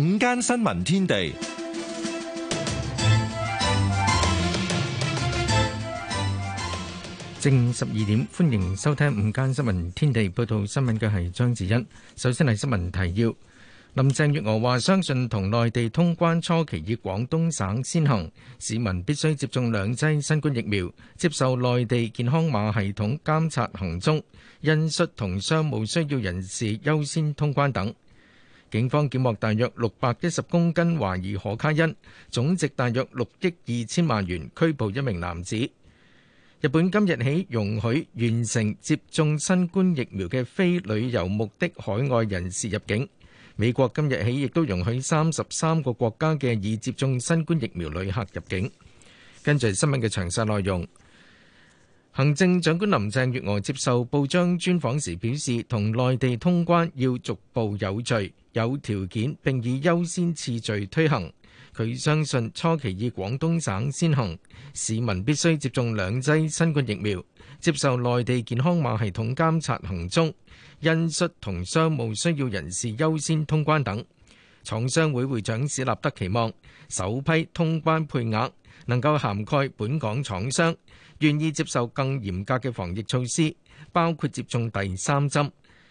午間新聞天地，正午十二點，歡迎收聽午間新聞天地。報道新聞嘅係張子欣。首先係新聞提要。林鄭月娥話：相信同內地通關初期以廣東省先行，市民必須接種兩劑新冠疫苗，接受內地健康碼系統監察行蹤，恩恤同商務需要人士優先通關等。警方檢獲大約六百一十公斤懷疑可卡因，總值大約六億二千萬元，拘捕一名男子。日本今日起容許完成接種新冠疫苗嘅非旅遊目的海外人士入境。美國今日起亦都容許三十三個國家嘅已接種新冠疫苗旅客入境。跟住新聞嘅詳細內容，行政長官林鄭月娥接受報章專訪時表示，同內地通關要逐步有序。有條件並以優先次序推行。佢相信初期以廣東省先行，市民必須接種兩劑新冠疫苗，接受內地健康碼系統監察行蹤，恩恤同商務需要人士優先通關等。廠商會會長史立德期望首批通關配額能夠涵蓋本港廠商，願意接受更嚴格嘅防疫措施，包括接種第三針。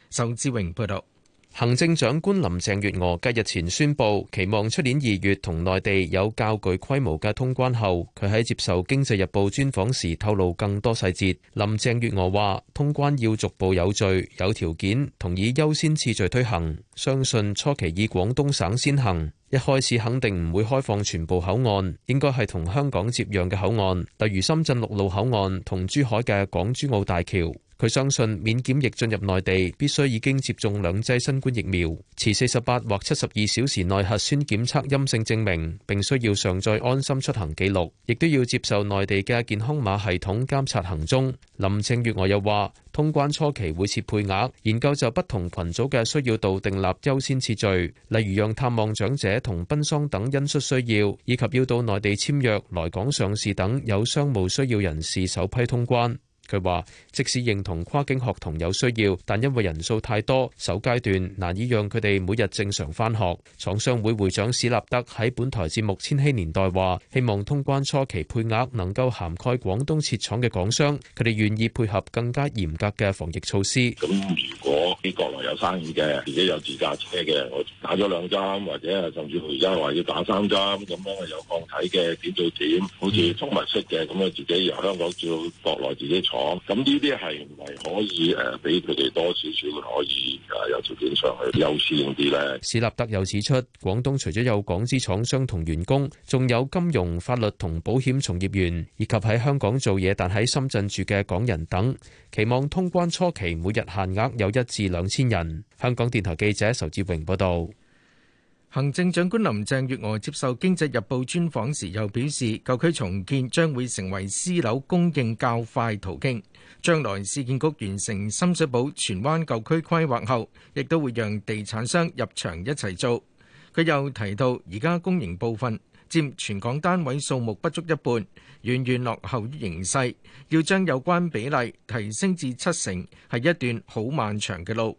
仇志榮報導。行政長官林鄭月娥繼日前宣布，期望出年二月同內地有較具規模嘅通關後，佢喺接受《經濟日報》專訪時透露更多細節。林鄭月娥話：通關要逐步有序、有條件，同以優先次序推行。相信初期以廣東省先行，一開始肯定唔會開放全部口岸，應該係同香港接壤嘅口岸，例如深圳陸路口岸同珠海嘅港珠澳大橋。佢相信免檢疫進入內地，必須已經接種兩劑新冠疫苗，持四十八或七十二小時內核酸檢測陰性證明，並需要上載安心出行記錄，亦都要接受內地嘅健康碼系統監察行蹤。林鄭月娥又話，通關初期會設配額，研究就不同群組嘅需要度訂立優先次序，例如讓探望長者同奔喪等因素需要，以及要到內地簽約，來港上市等有商務需要人士首批通關。佢話，即使認同跨境學童有需要，但因為人數太多，首階段難以讓佢哋每日正常翻學，廠商會會長史立德喺本台節目《千禧年代》話，希望通關初期配額能夠涵蓋廣東設廠嘅港商，佢哋願意配合更加嚴格嘅防疫措施。咁如果喺國內有生意嘅，自己有自駕車嘅，我打咗兩針，或者甚至乎而家話要打三針，咁樣我有抗體嘅點做點好似出物式嘅，咁我自己由香港做國內自己咁呢啲係唔係可以誒俾佢哋多少少可以誒有條件上去優先啲咧？史立德又指出，廣東除咗有港資廠商同員工，仲有金融、法律同保險從業員，以及喺香港做嘢但喺深圳住嘅港人等，期望通關初期每日限額有一至兩千人。香港電台記者仇志榮報道。行政長官林鄭月娥接受《經濟日報》專訪時又表示，舊區重建將會成為私樓供應較快途徑。將來市建局完成深水埗荃灣舊區規劃後，亦都會讓地產商入場一齊做。佢又提到，而家公營部分佔全港單位數目不足一半，遠遠落後於形勢，要將有關比例提升至七成，係一段好漫長嘅路。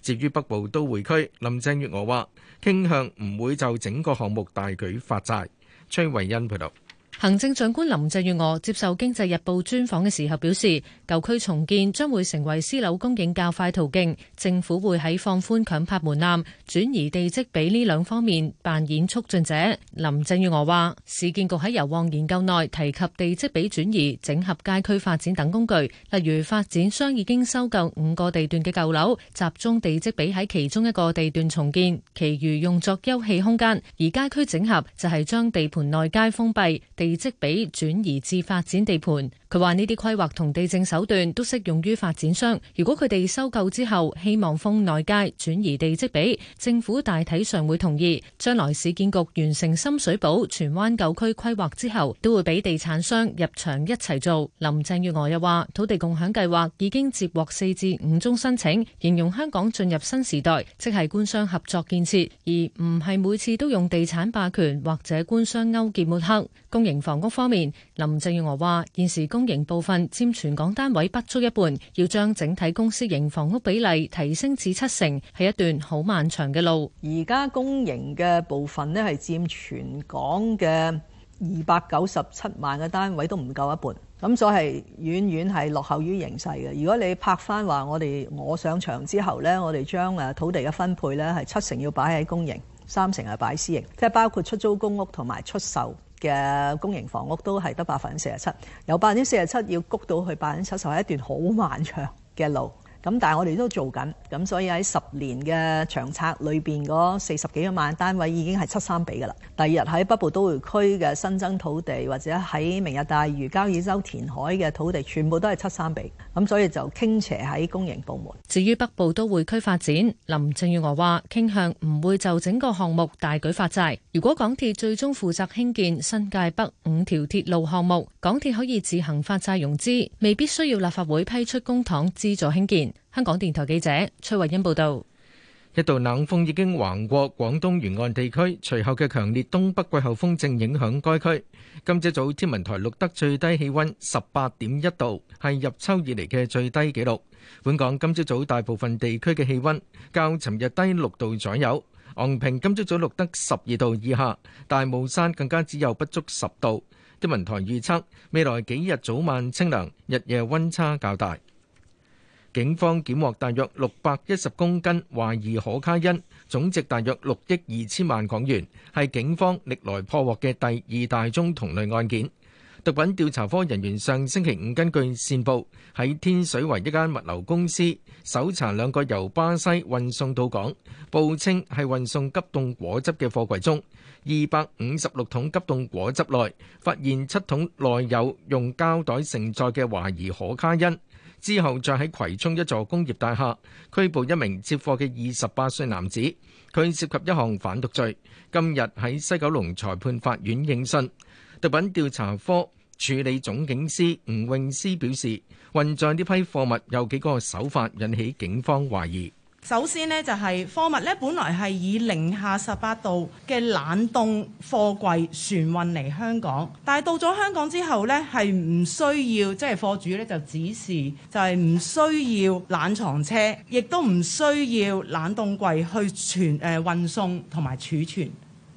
至於北部都會區，林鄭月娥話。傾向唔會就整個項目大舉發債。崔維恩報導。行政長官林鄭月娥接受《經濟日報》專訪嘅時候表示，舊區重建將會成為私樓供應較快途徑，政府會喺放寬強拍門檻、轉移地積比呢兩方面扮演促進者。林鄭月娥話：市建局喺油旺研究內提及地積比轉移、整合街區發展等工具，例如發展商已經收購五個地段嘅舊樓，集中地積比喺其中一個地段重建，其餘用作休憩空間；而街區整合就係將地盤內街封閉。地積比轉移至發展地盤，佢話呢啲規劃同地政手段都適用於發展商。如果佢哋收購之後希望封內街轉移地積比，政府大體上會同意。將來市建局完成深水埗荃灣舊區規劃之後，都會俾地產商入場一齊做。林鄭月娥又話：土地共享計劃已經接獲四至五宗申請，形容香港進入新時代，即係官商合作建設，而唔係每次都用地產霸權或者官商勾結抹黑公營房屋方面，林鄭月娥話：現時公營部分佔全港單位不足一半，要將整體公私營房屋比例提升至七成，係一段好漫長嘅路。而家公營嘅部分呢，係佔全港嘅二百九十七萬嘅單位都唔夠一半，咁所以係遠遠係落後於形勢嘅。如果你拍翻話我哋，我上場之後呢，我哋將誒土地嘅分配呢，係七成要擺喺公營，三成係擺私營，即係包括出租公屋同埋出售。嘅公營房屋都係得百分之四十七，由百分之四十七要谷到去百分之七十，係一段好漫長嘅路。咁但係我哋都做緊，咁所以喺十年嘅長策裏邊，嗰四十幾萬單位已經係七三比㗎啦。第二日喺北部都會區嘅新增土地，或者喺明日大嶼交椅洲填海嘅土地，全部都係七三比。咁所以就傾斜喺公營部門。至於北部都會區發展，林鄭月娥話傾向唔會就整個項目大舉發債。如果港鐵最終負責興建新界北五條鐵路項目，港鐵可以自行發債融資，未必需要立法會批出公帑資助興建。香港電台記者崔慧欣報道：一道冷鋒已經橫過廣東沿岸地區，隨後嘅強烈東北季候風正影響該區。今朝早天文台錄得最低氣溫十八點一度，係入秋以嚟嘅最低紀錄。本港今朝早大部分地區嘅氣溫較尋日低六度左右，昂坪今朝早錄得十二度以下，大帽山更加只有不足十度。天文台預測未來幾日早晚清涼，日夜温差較大。警方檢獲大約六百一十公斤懷疑可卡因，總值大約六億二千萬港元，係警方歷來破獲嘅第二大宗同類案件。毒品調查科人員上星期五根據線報，喺天水圍一間物流公司搜查兩個由巴西運送到港，報稱係運送急凍果汁嘅貨櫃中，二百五十六桶急凍果汁內發現七桶內有用膠袋盛載嘅懷疑可卡因。之後再喺葵涌一座工業大廈拘捕一名接貨嘅二十八歲男子，佢涉及一項販毒罪。今日喺西九龍裁判法院應訊，毒品調查科處理總警司吳泳詩表示，運載呢批貨物有幾個手法引起警方懷疑。首先咧就係貨物咧，本來係以零下十八度嘅冷凍貨櫃船運嚟香港，但係到咗香港之後咧，係唔需要即係、就是、貨主咧就指示，就係唔需要冷藏車，亦都唔需要冷凍櫃去存誒、呃、運送同埋儲存。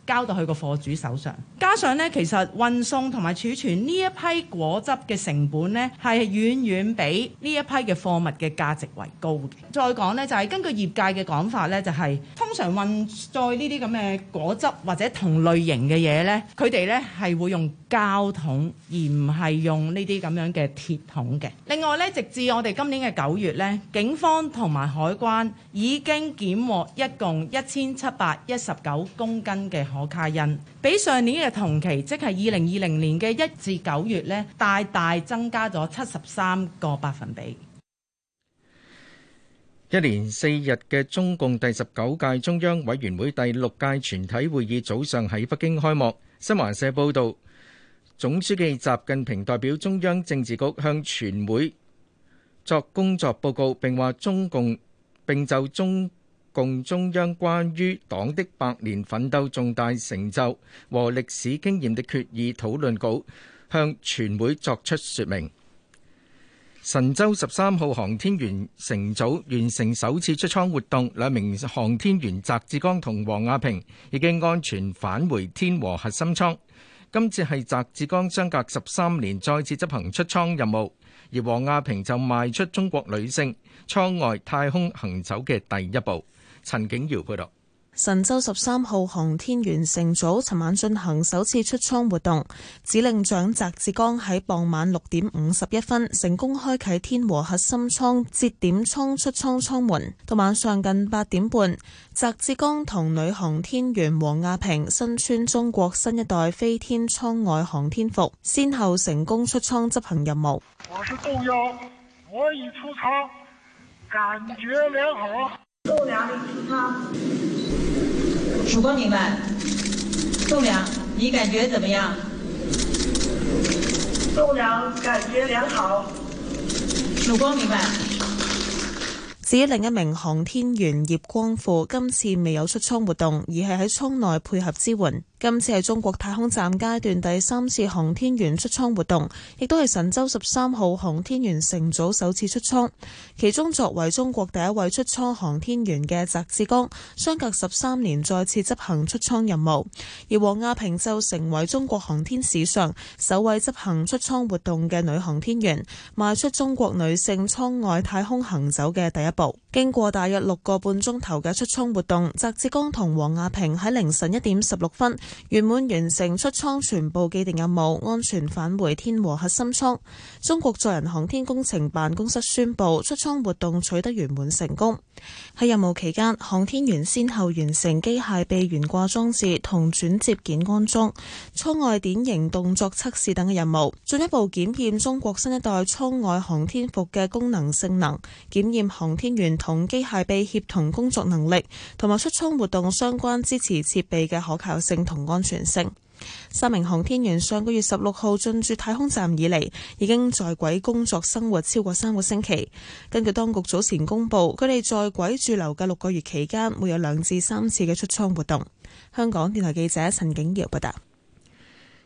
交到佢個貨主手上，加上咧，其實運送同埋儲存呢一批果汁嘅成本咧，係遠遠比呢一批嘅貨物嘅價值為高嘅。再講咧，就係根據業界嘅講法咧，就係通常運載呢啲咁嘅果汁或者同類型嘅嘢咧，佢哋咧係會用膠桶而唔係用呢啲咁樣嘅鐵桶嘅。另外咧，直至我哋今年嘅九月咧，警方同埋海關已經檢獲一共一千七百一十九公斤嘅。可卡因比上年嘅同期，即係二零二零年嘅一至九月咧，大大增加咗七十三個百分比。一連四日嘅中共第十九屆中央委員會第六屆全體會議早上喺北京開幕。新華社報道，總書記習近平代表中央政治局向全會作工作報告，並話中共並就中。中共中央關於黨的百年奮鬥重大成就和歷史經驗的決議討論稿向全會作出説明。神舟十三號航天員乘組完成首次出艙活動，兩名航天員翟志剛同王亞平已經安全返回天和核心艙。今次係翟志剛相隔十三年再次執行出艙任務，而王亞平就邁出中國女性艙外太空行走嘅第一步。陳景堯報道，神舟十三號航天員乘組尋晚進行首次出艙活動，指令長翟志剛喺傍晚六點五十一分成功開啟天和核心艙節點艙出艙艙門，到晚上近八點半，翟志剛同女航天員王亞平身穿中國新一代飛天艙外航天服，先後成功出艙執行任務。我是董瑤，我已出艙，感覺良好。棟梁，你好。曙光，明白。棟梁，你感覺怎麼樣？棟梁感覺良好。曙光，明白。明白。至於另一名航天員葉光富，今次未有出艙活動，而係喺艙內配合支援。今次係中國太空站階段第三次航天員出艙活動，亦都係神舟十三號航天員乘組首次出艙。其中，作為中國第一位出艙航天員嘅翟志剛相隔十三年再次執行出艙任務，而王亞平就成為中國航天史上首位執行出艙活動嘅女航天員，邁出中國女性艙外太空行走嘅第一步。經過大約六個半鐘頭嘅出艙活動，翟志剛同王亞平喺凌晨一點十六分。圓滿完成出艙全部既定任務，安全返回天和核心艙。中國載人航天工程辦公室宣布，出艙活動取得圓滿成功。喺任務期間，航天員先後完成機械臂懸掛裝置同轉接件安裝、艙外典型動作測試等嘅任務，進一步檢驗中國新一代艙外航天服嘅功能性能，檢驗航天員同機械臂協同工作能力，同埋出艙活動相關支持設備嘅可靠性同安全性。三名航天員上個月十六號進駐太空站以嚟，已經在軌工作生活超過三個星期。根據當局早前公布，佢哋在軌駐留嘅六個月期間，會有兩至三次嘅出艙活動。香港電台記者陳景堯報道。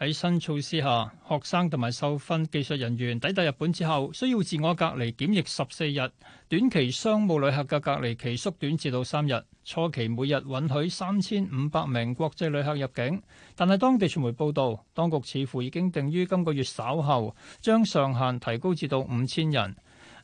喺新措施下，學生同埋受訓技術人員抵達日本之後，需要自我隔離檢疫十四日；短期商務旅客嘅隔離期縮短至到三日。初期每日允許三千五百名國際旅客入境，但係當地傳媒報導，當局似乎已經定於今個月稍後將上限提高至到五千人。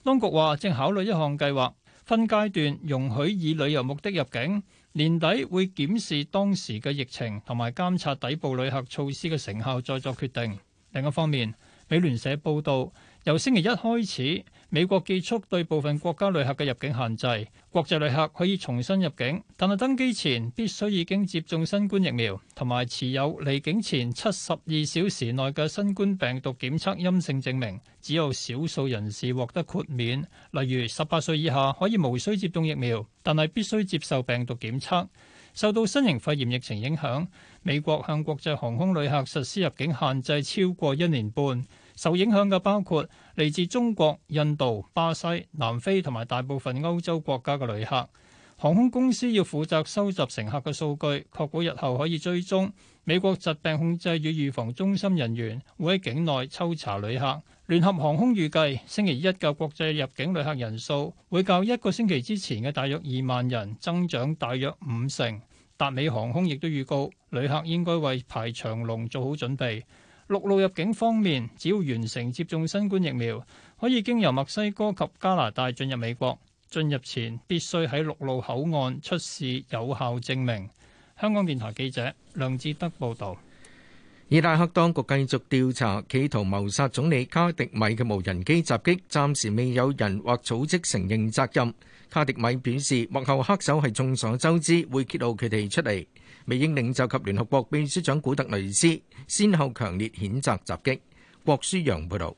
當局話正考慮一項計劃，分階段容許以旅遊目的入境。年底會檢視當時嘅疫情同埋監察抵埗旅客措施嘅成效，再作決定。另一方面，美聯社報道，由星期一開始，美國結束對部分國家旅客嘅入境限制，國際旅客可以重新入境，但係登機前必須已經接種新冠疫苗，同埋持有離境前七十二小時內嘅新冠病毒檢測陰性證明。只有少數人士獲得豁免，例如十八歲以下可以無需接種疫苗，但係必須接受病毒檢測。受到新型肺炎疫情影響，美國向國際航空旅客實施入境限制超過一年半。受影響嘅包括嚟自中國、印度、巴西、南非同埋大部分歐洲國家嘅旅客。航空公司要負責收集乘客嘅數據，確保日後可以追蹤。美國疾病控制與預防中心人員會喺境內抽查旅客。聯合航空預計星期一嘅國際入境旅客人數會較一個星期之前嘅大約二萬人增長大約五成。達美航空亦都預告，旅客應該為排長龍做好準備。陸路入境方面，只要完成接種新冠疫苗，可以經由墨西哥及加拿大進入美國。進入前必須喺陸路口岸出示有效證明。香港電台記者梁志德報道。伊拉克當局繼續調查企圖謀殺總理卡迪米嘅無人機襲擊，暫時未有人或組織承認責任。卡迪米表示，幕後黑手係眾所周知，會揭露佢哋出嚟。美英領袖及聯合國秘書長古特雷斯先後強烈譴責襲擊。郭舒揚報導，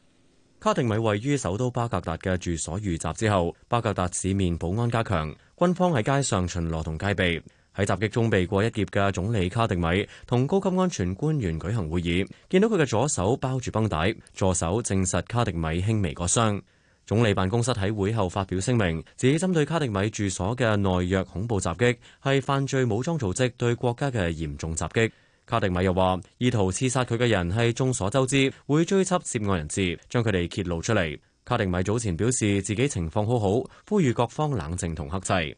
卡迪米位於首都巴格達嘅住所遇襲之後，巴格達市面保安加強，軍方喺街上巡邏同戒備。喺襲擊中被過一劫嘅總理卡迪米同高級安全官員舉行會議，見到佢嘅左手包住繃帶，助手證實卡迪米輕微割傷。總理辦公室喺會後發表聲明，指針對卡迪米住所嘅內約恐怖襲擊係犯罪武裝組織對國家嘅嚴重襲擊。卡迪米又話，意圖刺殺佢嘅人係眾所周知，會追緝涉案人士，將佢哋揭露出嚟。卡迪米早前表示自己情況好好，呼籲各方冷靜同克制。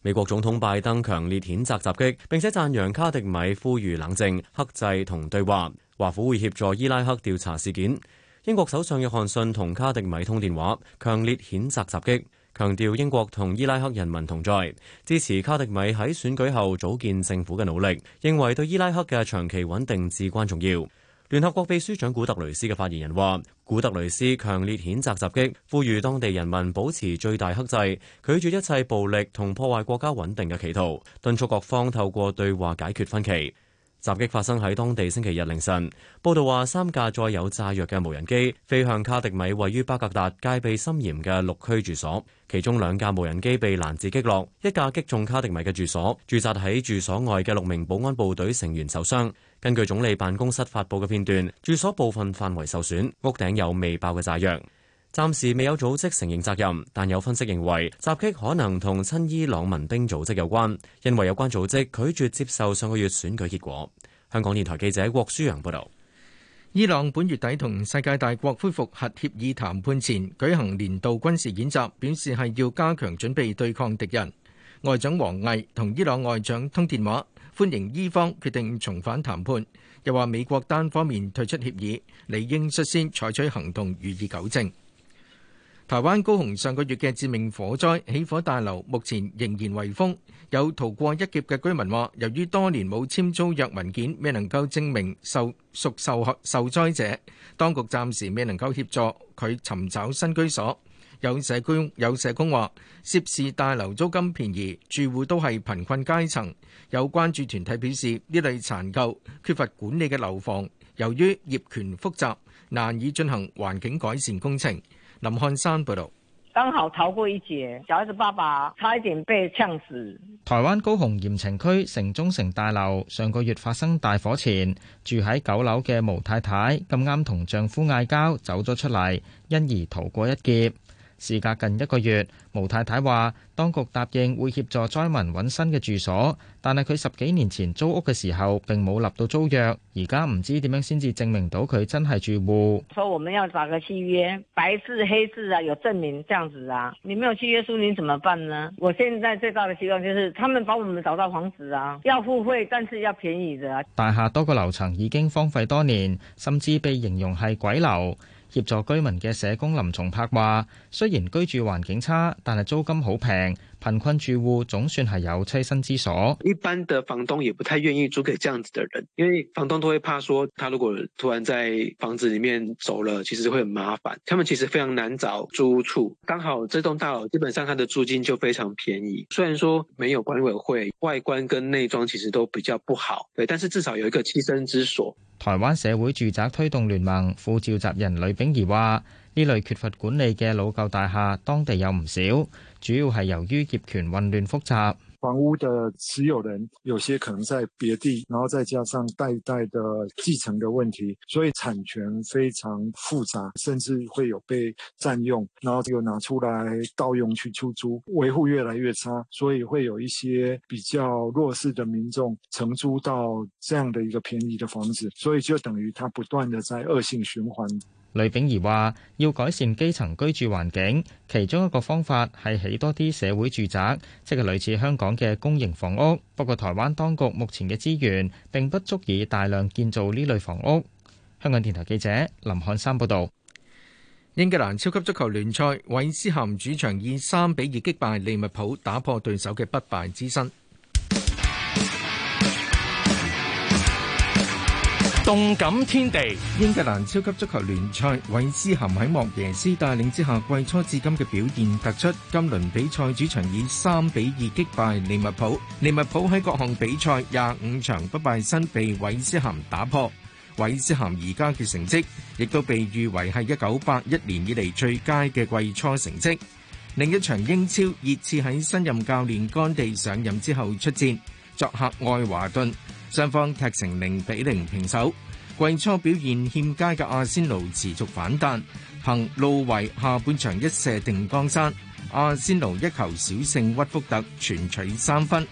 美國總統拜登強烈譴責襲擊，並且讚揚卡迪米呼籲冷靜、克制同對話。華府會協助伊拉克調查事件。英國首相約翰遜同卡迪米通電話，強烈譴責襲擊，強調英國同伊拉克人民同在，支持卡迪米喺選舉後組建政府嘅努力，認為對伊拉克嘅長期穩定至關重要。聯合國秘書長古特雷斯嘅發言人話，古特雷斯強烈譴責襲擊，呼籲當地人民保持最大克制，拒絕一切暴力同破壞國家穩定嘅企圖，敦促各方透過對話解決分歧。襲擊發生喺當地星期日凌晨。報道話，三架載有炸藥嘅無人機飛向卡迪米位於巴格達戒備森嚴嘅綠區住所，其中兩架無人機被攔截擊落，一架擊中卡迪米嘅住所。駐紮喺住所外嘅六名保安部隊成員受傷。根據總理辦公室發布嘅片段，住所部分範圍受損，屋頂有未爆嘅炸藥。暫時未有組織承認責任，但有分析認為襲擊可能同親伊朗民兵組織有關，因為有關組織拒絕接受上個月選舉結果。香港電台記者郭舒陽報道，伊朗本月底同世界大國恢復核協議談判前舉行年度軍事演習，表示係要加強準備對抗敵人。外長王毅同伊朗外長通電話，歡迎伊方決定重返談判，又話美國單方面退出協議，理應率先採取行動予以糾正。台灣高雄上個月嘅致命火災起火大樓，目前仍然圍封。有逃過一劫嘅居民話，由於多年冇簽租約文件，未能夠證明受屬受受，受，受災者。當局暫時未能夠協助佢尋找新居所。有社工有社工話，涉事大樓租金便宜，住戶都係貧困階層。有關注團體表示，呢類殘舊缺乏管理嘅樓房，由於業權複雜，難以進行環境改善工程。林漢山報道，剛好逃過一劫。小孩子爸爸差一點被嗆死。台灣高雄鹽埕區城中城大樓上個月發生大火前，住喺九樓嘅毛太太咁啱同丈夫嗌交，走咗出嚟，因而逃過一劫。事隔近一個月，毛太太話：當局答應會協助災民揾新嘅住所，但係佢十幾年前租屋嘅時候並冇立到租約，而家唔知點樣先至證明到佢真係住戶。所以我們要打個契約，白字黑字啊，有證明，這樣子啊，你沒有契約書，你怎麼辦呢？我現在最大的希望就是，他們幫我們找到房子啊，要付費，但是要便宜啲啊。大廈多個樓層已經荒廢多年，甚至被形容係鬼樓。協助居民嘅社工林松柏話，雖然居住環境差，但係租金好平。貧困住戶總算係有棲身之所。一般的房東也不太願意租給這樣子的人，因為房東都會怕，說他如果突然在房子裡面走了，其實會很麻煩。他們其實非常難找租屋處，剛好這棟大樓基本上它的租金就非常便宜。雖然說沒有管委會，外觀跟內裝其實都比較不好，對，但是至少有一個棲身之所。台灣社會住宅推動聯盟副召集人呂炳儀話。呢類缺乏管理嘅老舊大廈，當地有唔少，主要係由於業權混亂複雜。房屋嘅持有人有些可能在別地，然後再加上代代的繼承的問題，所以產權非常複雜，甚至會有被占用，然後就拿出來盜用去出租，維護越來越差，所以會有一些比較弱勢的民眾承租到這樣的一個便宜的房子，所以就等於他不斷的在惡性循環。呂炳宜話：要改善基層居住環境，其中一個方法係起多啲社會住宅，即係類似香港嘅公營房屋。不過，台灣當局目前嘅資源並不足以大量建造呢類房屋。香港電台記者林漢山報道。英格蘭超級足球聯賽，韋斯咸主場以三比二擊敗利物浦，打破對手嘅不敗之身。動感天地，英格蘭超級足球聯賽，韋斯咸喺莫耶斯帶領之下，季初至今嘅表現突出。今輪比賽主場以三比二擊敗利物浦，利物浦喺各項比賽廿五場不敗身被韋斯咸打破。韋斯咸而家嘅成績，亦都被譽為係一九八一年以嚟最佳嘅季初成績。另一場英超熱刺喺新任教練干地上任之後出戰，作客愛華頓。雙方踢成零比零平手。季初表現欠佳嘅阿仙奴持續反彈，憑路維下半場一射定江山，阿仙奴一球小勝屈福特，全取三分。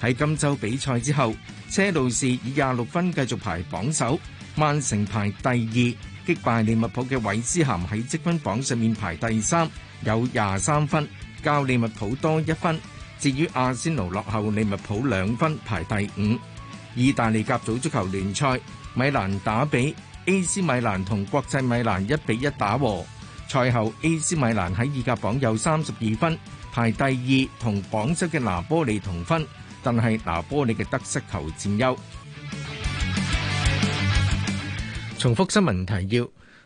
喺今週比賽之後，車路士以廿六分繼續排榜首，曼城排第二，擊敗利物浦嘅韋斯咸喺積分榜上面排第三，有廿三分，較利物浦多一分。至於阿仙奴落後利物浦兩分，排第五。意大利甲組足球聯賽，米蘭打比 AC 米蘭同國際米蘭一比一打和。賽後 AC 米蘭喺意甲榜有三十二分，排第二，同榜首嘅拿波利同分，但係拿波利嘅得失球佔優。 重複新聞提要。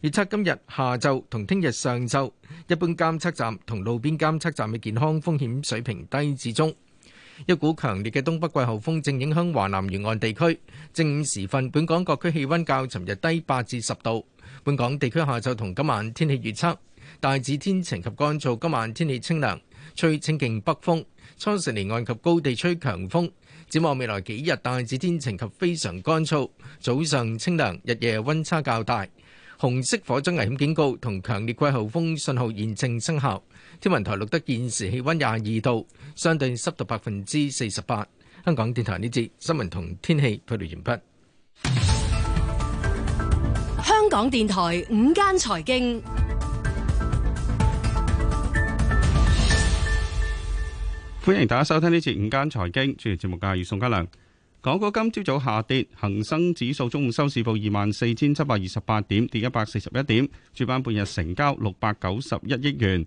預測今日下晝同聽日上晝一般監測站同路邊監測站嘅健康風險水平低至中。一股強烈嘅東北季候風正影響華南沿岸地區。正午時分，本港各區氣溫較尋日低八至十度。本港地區下晝同今晚天氣預測大致天晴及乾燥，今晚天氣清涼，吹清勁北風，初時離岸及高地吹強風，展望未來幾日，大致天晴及非常乾燥，早上清涼，日夜溫差較大。紅色火災危險警告同強烈季候風信號現正生效。天文台錄得現時氣溫廿二度，相對濕度百分之四十八。香港電台呢節新聞同天氣報道完畢。香港電台午間財經，歡迎大家收聽呢節午間財經，主持節目嘅係宋家良。港股今朝早下跌，恒生指數中午收市報二萬四千七百二十八點，跌一百四十一點，主板半日成交六百九十一億元。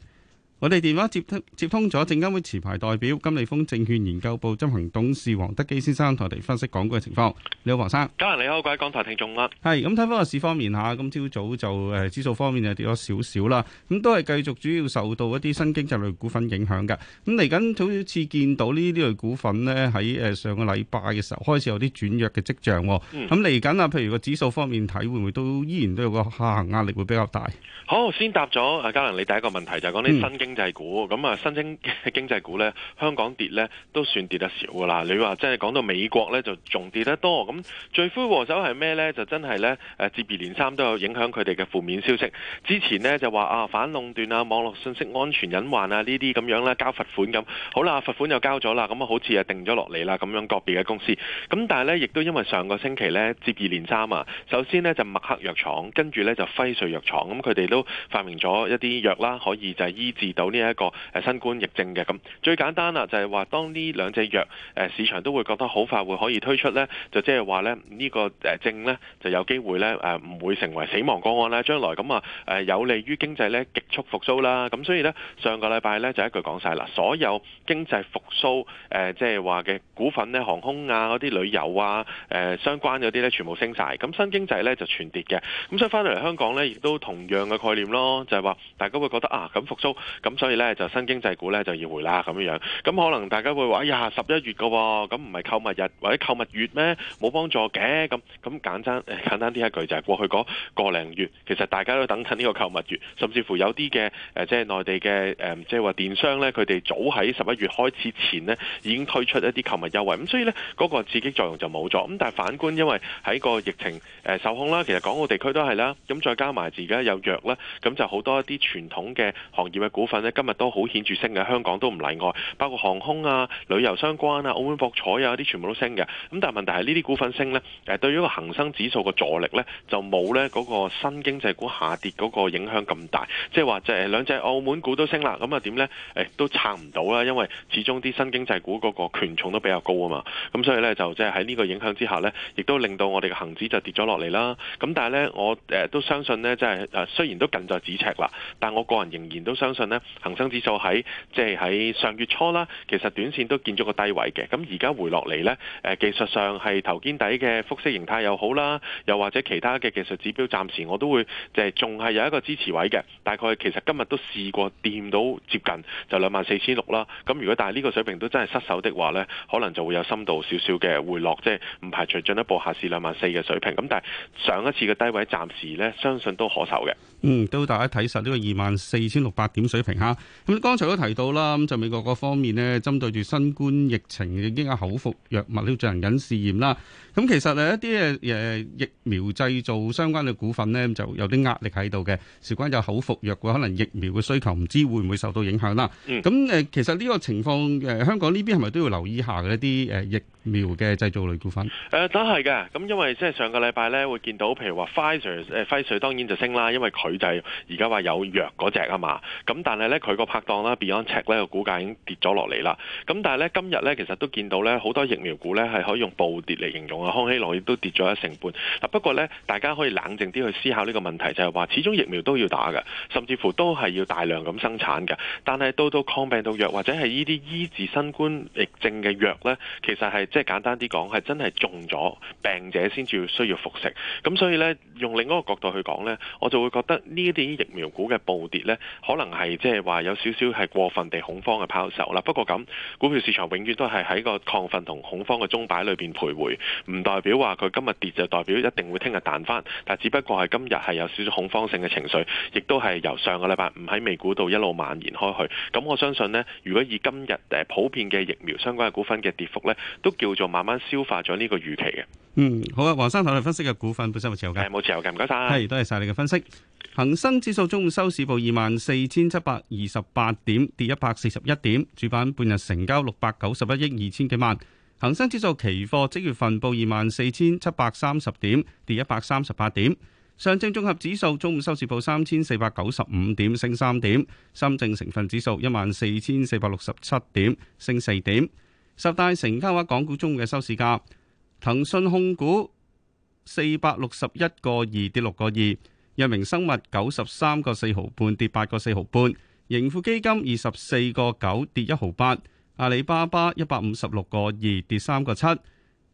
我哋電話接通，接通咗證監會持牌代表金利豐證券研究部執行董事黃德基先生，同我哋分析港股嘅情況。你好，黃生。嘉倫，你好，各位港台聽眾啦。係，咁睇翻個市方面嚇，今朝早就誒指數方面就跌咗少少啦。咁都係繼續主要受到一啲新經濟類股份影響㗎。咁嚟緊就好似見到呢啲類股份呢喺誒上個禮拜嘅時候開始有啲轉弱嘅跡象。咁嚟緊啊，譬如個指數方面睇，會唔會都依然都有個下行壓力會比較大？好，先答咗阿嘉倫你第一個問題，就係講啲新經。經濟股咁啊、嗯，新興經濟股呢，香港跌呢都算跌得少噶啦。你話真係講到美國呢，就仲跌得多。咁罪魁禍首係咩呢？就真係呢，誒，接二連三都有影響佢哋嘅負面消息。之前呢，就話啊，反壟斷啊，網絡信息安全隱患啊，呢啲咁樣咧交罰款咁。好啦，罰款又交咗啦，咁啊，好似啊定咗落嚟啦咁樣個別嘅公司。咁但係呢，亦都因為上個星期呢，接二連三啊，首先呢，就默克藥廠，跟住呢，就輝瑞藥廠，咁佢哋都發明咗一啲藥啦，可以就係醫治有呢一個誒新冠疫症嘅咁，最簡單啦，就係話當呢兩隻藥誒、啊、市場都會覺得好快會可以推出咧，就即係話咧呢個誒症咧就有機會咧誒唔會成為死亡個案咧，將來咁啊誒、啊、有利於經濟咧極速復甦啦。咁所以咧上個禮拜咧就一句講晒啦，所有經濟復甦誒即係話嘅股份咧，航空啊嗰啲旅遊啊誒、啊、相關嗰啲咧全部升晒。啊」咁新經濟咧就全跌嘅。咁所以翻到嚟香港咧亦都同樣嘅概念咯，就係、是、話大家會覺得啊咁、啊啊啊、復甦咁所以咧就新經濟股咧就要回啦咁樣樣，咁、嗯、可能大家會話、哎、呀十一月嘅、哦，咁唔係購物日或者購物月咩？冇幫助嘅，咁、嗯、咁、嗯、簡單誒簡單啲一句就係、是、過去嗰個零月，其實大家都等緊呢個購物月，甚至乎有啲嘅誒即係內地嘅誒、呃、即係話電商咧，佢哋早喺十一月開始前呢已經推出一啲購物優惠，咁所以呢，嗰、那個刺激作用就冇咗。咁、嗯、但係反觀，因為喺個疫情誒、呃、受控啦，其實港澳地區都係啦，咁、嗯、再加埋自家有藥啦，咁就好多一啲傳統嘅行業嘅股份。今日都好顯著升嘅，香港都唔例外，包括航空啊、旅遊相關啊、澳門博彩啊啲，全部都升嘅。咁但係問題係呢啲股份升呢，誒對於個恒生指數個助力呢，就冇呢嗰個新經濟股下跌嗰個影響咁大。即係話就誒、即係、兩隻澳門股都升啦，咁啊點呢？誒、哎、都撐唔到啦，因為始終啲新經濟股嗰個權重都比較高啊嘛。咁所以呢，就即係喺呢個影響之下呢，亦都令到我哋嘅恒指就跌咗落嚟啦。咁但係呢，我誒都相信呢，即係誒雖然都近在咫尺啦，但我個人仍然都相信呢。恒生指數喺即係喺上月初啦，其實短線都見咗個低位嘅。咁而家回落嚟呢，誒技術上係頭肩底嘅複式形態又好啦，又或者其他嘅技術指標，暫時我都會即係仲係有一個支持位嘅。大概其實今日都試過掂到接近就兩萬四千六啦。咁如果但係呢個水平都真係失守的話呢，可能就會有深度少少嘅回落，即係唔排除進一步下試兩萬四嘅水平。咁但係上一次嘅低位暫時呢，相信都可守嘅。嗯，都大家睇實呢，這個二萬四千六百點水平哈。咁，啊嗯，剛才都提到啦，咁，嗯、就美國嗰方面咧，針對住新冠疫情已經有口服藥物咧進行緊試驗啦。咁，嗯、其實呢一啲誒、呃、疫苗製造相關嘅股份呢，就有啲壓力喺度嘅。事關有口服藥物，可能疫苗嘅需求唔知會唔會受到影響啦。咁誒、嗯嗯，其實呢個情況誒、呃，香港呢邊係咪都要留意下嘅一啲誒疫。疫苗嘅製造類股份，誒、呃、都係嘅。咁因為即係上個禮拜咧，會見到譬如話 Pfizer 當然就升啦，因為佢就係而家話有藥嗰隻啊嘛。咁但係咧，佢個拍檔啦，BioNTech 呢個股價已經跌咗落嚟啦。咁但係咧，今日咧其實都見到咧好多疫苗股咧係可以用暴跌嚟形容啊。康希諾亦都跌咗一成半。嗱，不過咧，大家可以冷靜啲去思考呢個問題，就係、是、話始終疫苗都要打嘅，甚至乎都係要大量咁生產嘅。但係到到抗病毒藥或者係呢啲醫治新冠疫症嘅藥咧，其實係。即係簡單啲講，係真係中咗病者先至需要服食。咁所以呢，用另一個角度去講呢，我就會覺得呢啲疫苗股嘅暴跌呢，可能係即係話有少少係過分地恐慌嘅拋售啦。不過咁，股票市場永遠都係喺個亢奮同恐慌嘅鐘擺裏邊徘徊，唔代表話佢今日跌就代表一定會聽日彈翻。但只不過係今日係有少少恐慌性嘅情緒，亦都係由上個禮拜五喺美股度一路蔓延開去。咁我相信呢，如果以今日誒普遍嘅疫苗相關嘅股份嘅跌幅呢。都。叫做慢慢消化咗呢個預期嘅。嗯，好啊，黃生同你分析嘅股份本身冇持有嘅，係冇持有嘅，唔該晒。係，多謝晒你嘅分析。恒生指數中午收市報二萬四千七百二十八點，跌一百四十一點。主板半日成交六百九十一億二千幾萬。恒生指數期貨即月份報二萬四千七百三十點，跌一百三十八點。上證綜合指數中午收市報三千四百九十五點，升三點。深證成分指數一萬四千四百六十七點，升四點。十大成交額港股中，嘅收市價，騰訊控股四百六十一個二跌六個二，藥明生物九十三個四毫半跌八個四毫半，盈富基金二十四個九跌一毫八，阿里巴巴一百五十六個二跌三個七，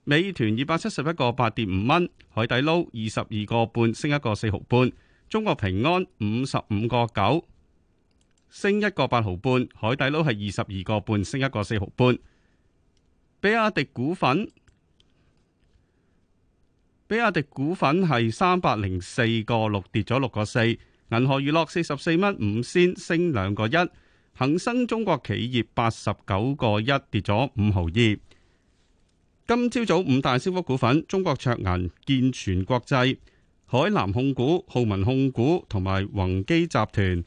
美團二百七十一個八跌五蚊，海底撈二十二個半升一個四毫半，中國平安五十五個九升一個八毫半，海底撈係二十二個半升一個四毫半。比亞迪股份，比亞迪股份係三百零四個六，跌咗六個四。銀河娛樂四十四蚊五仙，升兩個一。恒生中國企業八十九個一，跌咗五毫二。今朝早五大升幅股份：中國卓銀、健全國際、海南控股、浩文控股同埋宏基集團。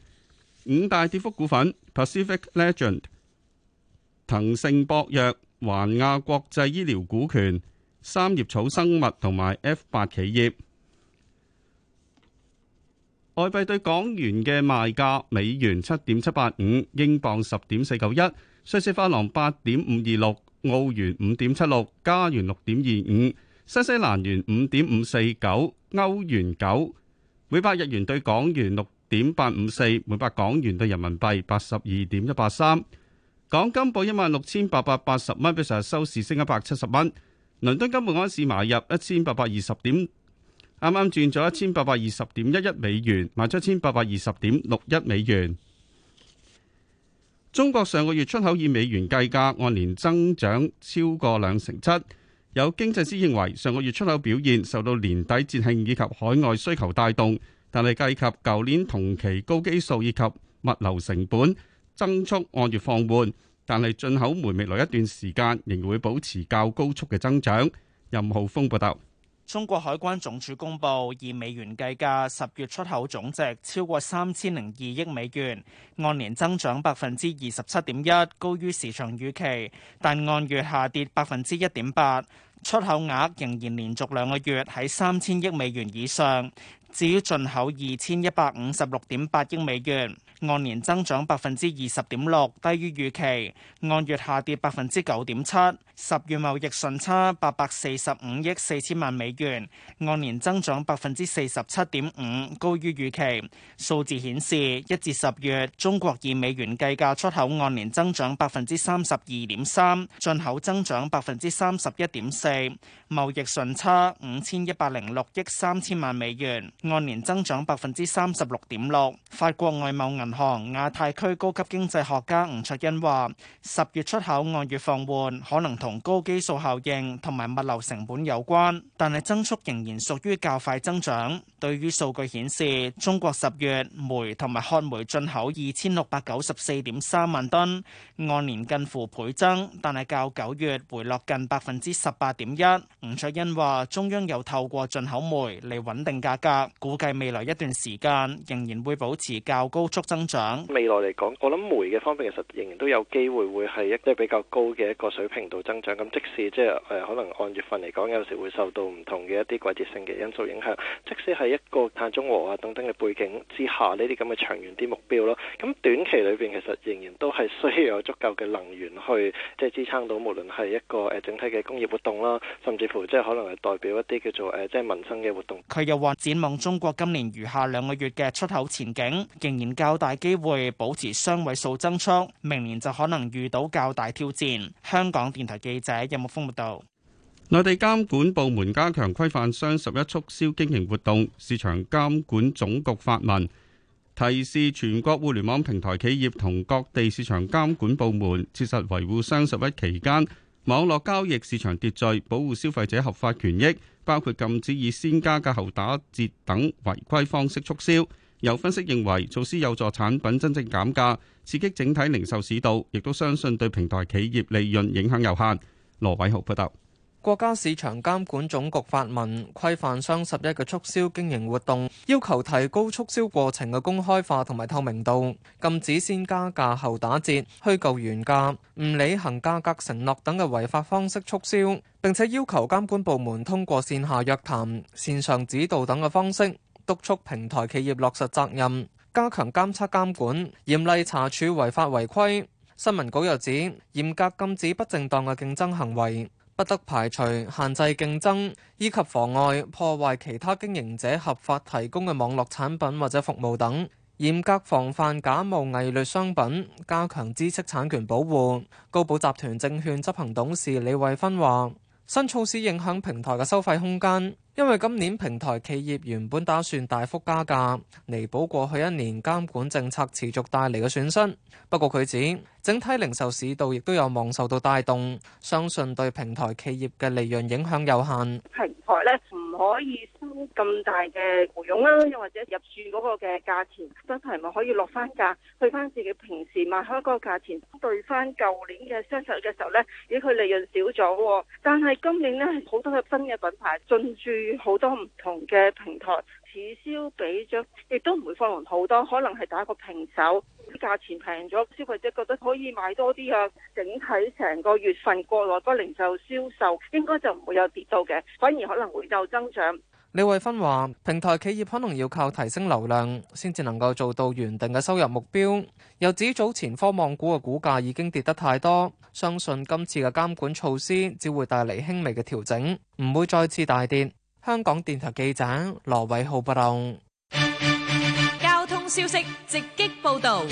五大跌幅股份：Pacific Legend、騰盛博藥。環亞國際醫療股權、三葉草生物同埋 F 八企業。外幣對港元嘅賣價：美元七點七八五，英鎊十點四九一，瑞士法郎八點五二六，澳元五點七六，加元六點二五，新西蘭元五點五四九，歐元九。每百日元對港元六點八五四，每百港元對人民幣八十二點一八三。港金報一萬六千八百八十蚊，比上日收市升一百七十蚊。倫敦金每安士買入一千八百二十點，啱啱轉咗一千八百二十點一一美元，賣出一千八百二十點六一美元。中國上個月出口以美元計價，按年增長超過兩成七。有經濟師認為，上個月出口表現受到年底節慶以及海外需求帶動，但係計及舊年同期高基數以及物流成本，增速按月放緩，但係進口煤未來一段時間仍會保持較高速嘅增長。任浩峰報道。中國海關總署公布，以美元計價十月出口總值超過三千零二億美元，按年增長百分之二十七點一，高於市場預期，但按月下跌百分之一點八。出口額仍然連續兩個月喺三千億美元以上。至於進口二千一百五十六點八億美元，按年增長百分之二十點六，低於預期，按月下跌百分之九點七。十月貿易順差八百四十五億四千萬美元，按年增長百分之四十七點五，高於預期。數字顯示，一至十月中國以美元計價出口按年增長百分之三十二點三，進口增長百分之三十一點四，貿易順差五千一百零六億三千萬美元，按年增長百分之三十六點六。法國外貿銀行亞太區高級經濟學家吳卓恩話：十月出口按月放緩，可能同同高基數效應同埋物流成本有關，但係增速仍然屬於較快增長。對於數據顯示，中國十月煤同埋褐煤進口二千六百九十四點三萬噸，按年近乎倍增，但係較九月回落近百分之十八點一。吳卓欣話：中央有透過進口煤嚟穩定價格，估計未來一段時間仍然會保持較高速增長。未來嚟講，我諗煤嘅方面其實仍然都有機會會係一即係比較高嘅一個水平度增長。咁，即使即係誒可能按月份嚟講有時會受到唔同嘅一啲季節性嘅因素影響，即使係一個碳中和啊等等嘅背景之下，呢啲咁嘅長遠啲目標咯。咁短期裏邊其實仍然都係需要有足夠嘅能源去即係支撐到，無論係一個誒整體嘅工業活動啦，甚至乎即係可能係代表一啲叫做誒即係民生嘅活動。佢又話，展望中國今年餘下兩個月嘅出口前景，仍然較大機會保持雙位數增速，明年就可能遇到較大挑戰。香港電台記者任木峰報道，內地監管部門加強規範雙十一促銷經營活動，市場監管總局發文提示全國互聯網平台企業同各地市場監管部門切實維護雙十一期間網絡交易市場秩序，保護消費者合法權益，包括禁止以先加價後打折等違規方式促銷。有分析認為，措施有助產品真正減價，刺激整體零售市道，亦都相信對平台企業利潤影響有限。羅偉豪報道。國家市場監管總局發文規範雙十一嘅促銷經營活動，要求提高促銷過程嘅公開化同埋透明度，禁止先加價後打折、虛構原價、唔履行價格承諾等嘅違法方式促銷。並且要求監管部門通過線下約談、線上指導等嘅方式。督促平台企業落實責任，加強監測監管，嚴厲查處違法違規。新聞稿又指，嚴格禁止不正當嘅競爭行為，不得排除、限制競爭，以及妨礙、破壞其他經營者合法提供嘅網絡產品或者服務等。嚴格防範假冒偽劣商品，加強知識產權保護。高寶集團證券執行董事李慧芬話：新措施影響平台嘅收費空間，因為今年平台企業原本打算大幅加價，彌補過去一年監管政策持續帶嚟嘅損失。不過佢指，整體零售市道亦都有望受到帶動，相信對平台企業嘅利潤影響有限。平台咧唔可以收咁大嘅費用啦，又或者入駐嗰個嘅價錢真係咪可以落翻價，去翻自己平時賣開嗰個價錢，對翻舊年嘅雙十一嘅時候咧，如果佢利潤少咗，但係今年呢，好多新嘅品牌進駐。好多唔同嘅平台此消彼長，亦都唔會放緩好多。可能係打個平手，價錢平咗，消費者覺得可以買多啲啊。整體成個月份國內嘅零售銷售應該就唔會有跌到嘅，反而可能會有增長。李慧芬話，平台企業可能要靠提升流量，先至能夠做到原定嘅收入目標。又指早前科網股嘅股價已經跌得太多，相信今次嘅監管措施只會帶嚟輕微嘅調整，唔會再次大跌。香港電台記者羅偉浩報道。交通消息直擊報道。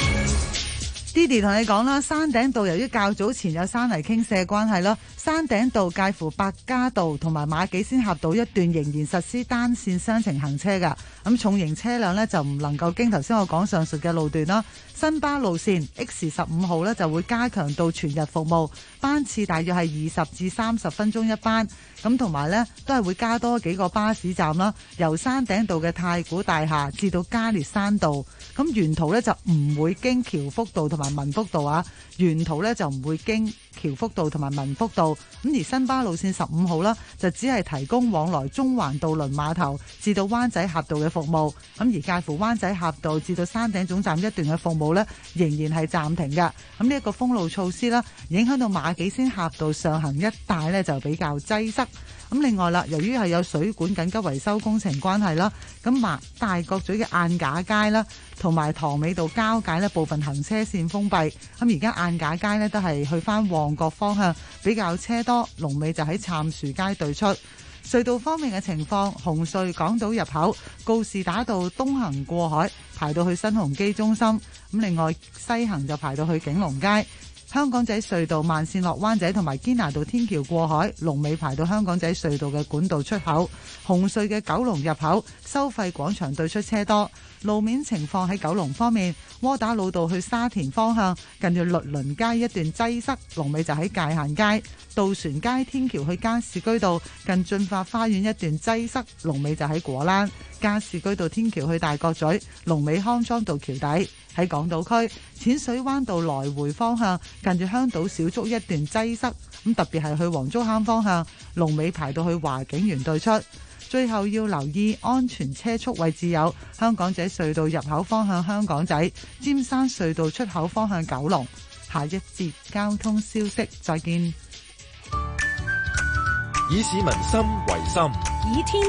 Didi 同你講啦，山頂道由於較早前有山泥傾瀉關係咯，山頂道介乎白加道同埋馬己仙峽道一段仍然實施單線雙程行車噶，咁重型車輛呢，就唔能夠經頭先我講上述嘅路段啦。新巴路線 X 十五號呢，就會加強到全日服務，班次大約係二十至三十分鐘一班，咁同埋呢，都係會加多幾個巴士站啦，由山頂道嘅太古大廈至到加列山道。咁沿途咧就唔會經橋福道同埋民福道啊，沿途咧就唔會經橋福道同埋民福道。咁而新巴路線十五號啦，就只係提供往來中環渡輪碼頭至到灣仔峽道嘅服務。咁而介乎灣仔峽道至到山頂總站一段嘅服務咧，仍然係暫停㗎。咁呢一個封路措施啦，影響到馬己仙峽道上行一帶咧，就比較擠塞。咁另外啦，由於係有水管緊急維修工程關係啦，咁大角咀嘅晏架街啦，同埋塘尾道交界呢部分行車線封閉。咁而家晏架街呢，都係去返旺角方向比較車多，龍尾就喺杉樹街對出。隧道方面嘅情況，紅隧港島入口告士打道東行過海排到去新鴻基中心。咁另外西行就排到去景隆街。香港仔隧道慢線落灣仔，同埋堅拿道天橋過海，龍尾排到香港仔隧道嘅管道出口，紅隧嘅九龍入口收費廣場對出車多。路面情況喺九龍方面，窩打老道去沙田方向，近住律倫街一段擠塞，龍尾就喺界限街；渡船街天橋去加士居道，近駿發花園一段擠塞，龍尾就喺果欄；加士居道天橋去大角咀，龍尾康莊道橋底喺港島區；淺水灣道來回方向，近住香島小築一段擠塞，咁特別係去黃竹坑方向，龍尾排到去華景園對出。最後要留意安全車速位置，有香港仔隧道入口方向香港仔、尖山隧道出口方向九龍。下一節，交通消息，再見。以市民心為心，以天。